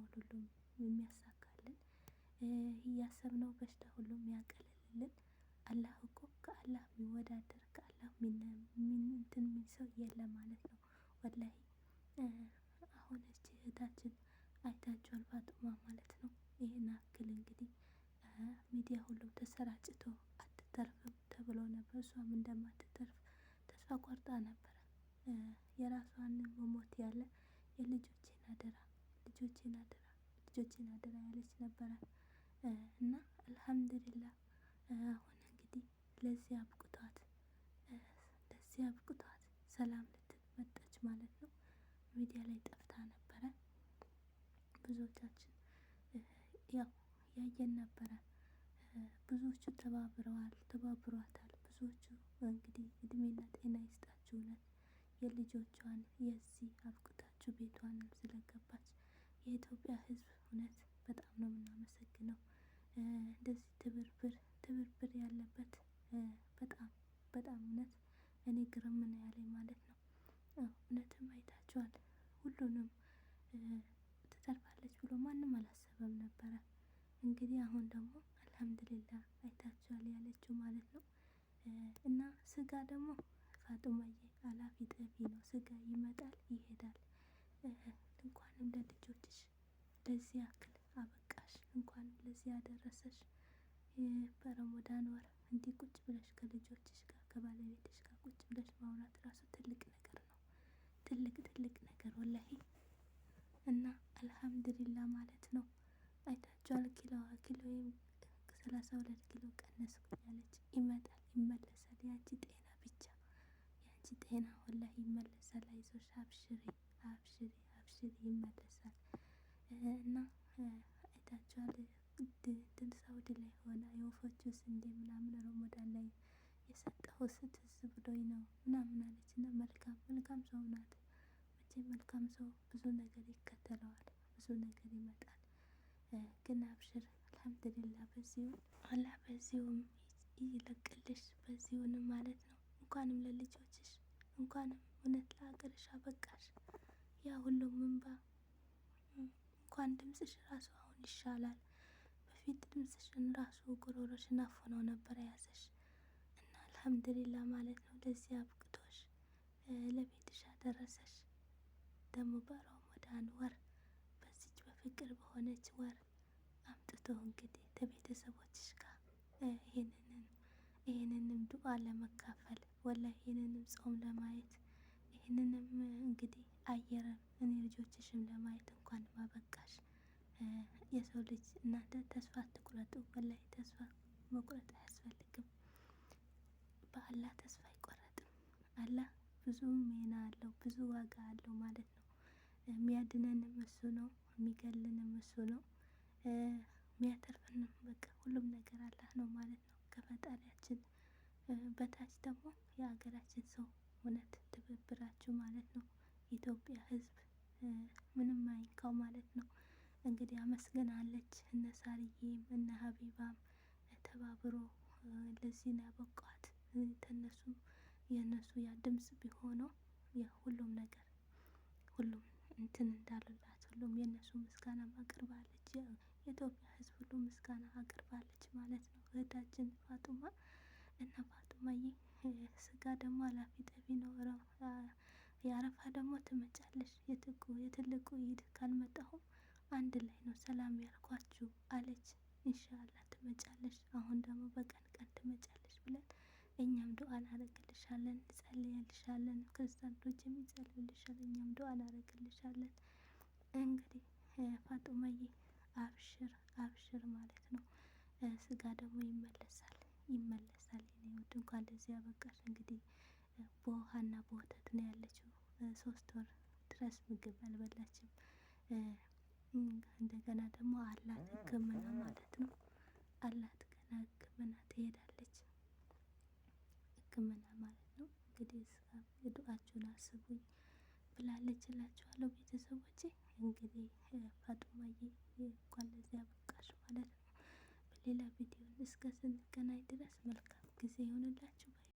አሁን ሁሉም የሚያሳካልን እያሰብነው በሽታ ሁሉም ያቀልልልን አላህ እኮ ከአላህ የሚወዳደር ከአላህ እንትን የሚል ሰው የለም ማለት ነው። ወላሂ አሁን እቺ እህታችን አይታችኋል ፋጡማ ማለት ነው። ይህን አክል እንግዲህ ሚዲያ ሁሉም ተሰራጭቶ አትተርፍም ተብሎ ነበር። እሷም እንደማትተርፍ ተስፋ ቆርጣ ነበረ። የራሷን መሞት ያለ የልጆችን አደራ ልጆቼን አደራ ልጆቼን አደራ ያለች ነበረ እና አልሐምዱሊላህ አሁን እንግዲህ ለዚህ አብቅቷት ለዚህ አብቅቷት ሰላም ልትል መጣች ማለት ነው። ሚዲያ ላይ ጠፍታ ነበረ። ብዙዎቻችን ያው ያየን ነበረ። ብዙዎቹ ተባብረዋል ተባብሯታል። ብዙዎቹ እንግዲህ እድሜና ጤና ይስጣችሁ እውነት የልጆቿን የዚህ አብቅቷት የኢትዮጵያ ሕዝብ እውነት በጣም ነው የምናመሰግነው። እንደዚህ ትብርብር ትብብር ያለበት በጣም በጣም እውነት እኔ ግርም ነው ያለኝ ማለት ነው። እውነትም አይታችኋል ሁሉንም ትተርፋለች ብሎ ማንም አላሰበም ነበረ። እንግዲህ አሁን ደግሞ አልሐምዱሊላ አይታችኋል ያለችው ማለት ነው። እና ስጋ ደግሞ ፋጡማዬ አላፊ ጠፊ ነው። ስጋ ይመጣል ይሄዳል። እንኳንም ለልጆችሽ ለዚህ ያክል አበቃሽ፣ እንኳንም ለዚህ ያደረሰሽ። በረመዳን ወር እንዲህ ቁጭ ብለሽ ከልጆችሽ ጋር ከባለቤትሽ ጋር ቁጭ ብለሽ ማውራት ራሱ ትልቅ ነገር ነው። ትልቅ ትልቅ ነገር ወላሂ እና አልሐምድሊላ ማለት ነው። አይታችኋል። ኪሎዋ ኪሎ ሰላሳ ሁለት ኪሎ ቀነስኩ ያለች ይመጣል ይመለሳል። የአንቺ ጤና ብቻ የአንቺ ጤና ወላሂ ይመለሳል። አይዞሽ አብሽሪ አብሽሪ። መስጅድ ይመለሳል እና አይታችኋል። ድምፃው ድል ላይ ሆነ የወፎቹ ስንዴ ምናምን ረመዳን ላይ የሰጠው ትዝ ብሎኝ ነው ምናምን አለች እና መልካም መልካም ሰው ናት። መቼ መልካም ሰው ብዙ ነገር ይከተለዋል፣ ብዙ ነገር ይመጣል። ግን አብሽር አልሐምድሊላ በዚሁ አላህ በዚሁም ይለቅልሽ በዚሁንም ማለት ነው። እንኳንም ለልጆችሽ እንኳንም እውነት ለሀገርሽ አበቃሽ። ያ ሁሉም እንባ እንኳን ድምፅሽ ራሱ አሁን ይሻላል። በፊት ድምፅሽን ራሱ ጉሮሮሽን አፍነው ነበር የያዘሽ እና አልሐምድሊላ ማለት ነው። ለዚህ አብቅቶሽ ለቤትሽ አደረሰሽ። ደግሞ በረመዳን ወር በዚች በፍቅር በሆነች ወር አምጥቶ እንግዲህ ከቤተሰቦችሽ ጋር ይህንንም ይህንንም ዱዓ ለመካፈል ወላ ይህንንም ጾም ለማየት ይህንንም እንግዲህ አየርም እኔ ልጆችሽም ለማየት እንኳን ማበቃሽ። የሰው ልጅ እናንተ ተስፋ አትቁረጡ። ወላሂ ተስፋ መቁረጥ አያስፈልግም። በአላህ ተስፋ አይቆረጥም። አላህ ብዙ ሚና አለው፣ ብዙ ዋጋ አለው ማለት ነው። የሚያድነንም እሱ ነው፣ የሚገልንም እሱ ነው፣ የሚያተርፍንም በቃ ሁሉም ነገር አላህ ነው ማለት ነው። ከፈጣሪያችን በታች ደግሞ የሀገራችን ሰው እውነት ትብብራችሁ ማለት ነው የኢትዮጵያ ሕዝብ ምንም አይንካው ማለት ነው። እንግዲህ አመስግናለች። እነ ሳርዬም እነ ሀቢባም ተባብሮ ለዚህ ነው ያበቋት። ከነሱ የእነሱ ያ ድምፅ ቢሆነው ሁሉም ነገር ሁሉም እንትን እንዳለላት ሁሉም የእነሱ ምስጋና አቅርባለች። የኢትዮጵያ ሕዝብ ሁሉ ምስጋና አቅርባለች ማለት ነው። እህታችን ፋጡማ እና ፋጡማዬ ስጋ ደግሞ አላፊ ጠፊ ነው። የአረፋ ደግሞ ትመጫለሽ የትቁ የትልቁ ኢድ ካልመጣሁም አንድ ላይ ነው ሰላም ያልኳችሁ አለች። ኢንሻአላ ትመጫለሽ፣ አሁን ደግሞ በቀን ቀን ትመጫለሽ ብለን እኛም ዱአ እናረግልሻለን፣ እንጸልይልሻለን። ክርስቲያኖችም ይጸልዩልሻል፣ እኛም ዱአ እናረግልሻለን። እንግዲህ ፋጡመዬ አብሽር አብሽር ማለት ነው። ስጋ ደግሞ ይመለሳል ይመለሳል። እንኳን ለዚህ ያበቃሽ እንግዲህ በውሃና በወተት ነው ያለችው። ሶስት ወር ድረስ ምግብ አልበላችም። እንደገና ደግሞ አላት ሕክምና ማለት ነው። አላት ገና ሕክምና ትሄዳለች። ሕክምና ማለት ነው እንግዲህ ዱዓችሁን አስቡኝ ብላለች እላችኋለሁ ቤተሰቦቼ። እንግዲህ ፋጡማዬ እንኳን ለዚያ በቃሽ ማለት ነው። በሌላ ቪዲዮ እስከ ስንገናኝ ድረስ መልካም ጊዜ ይሆንላችሁ።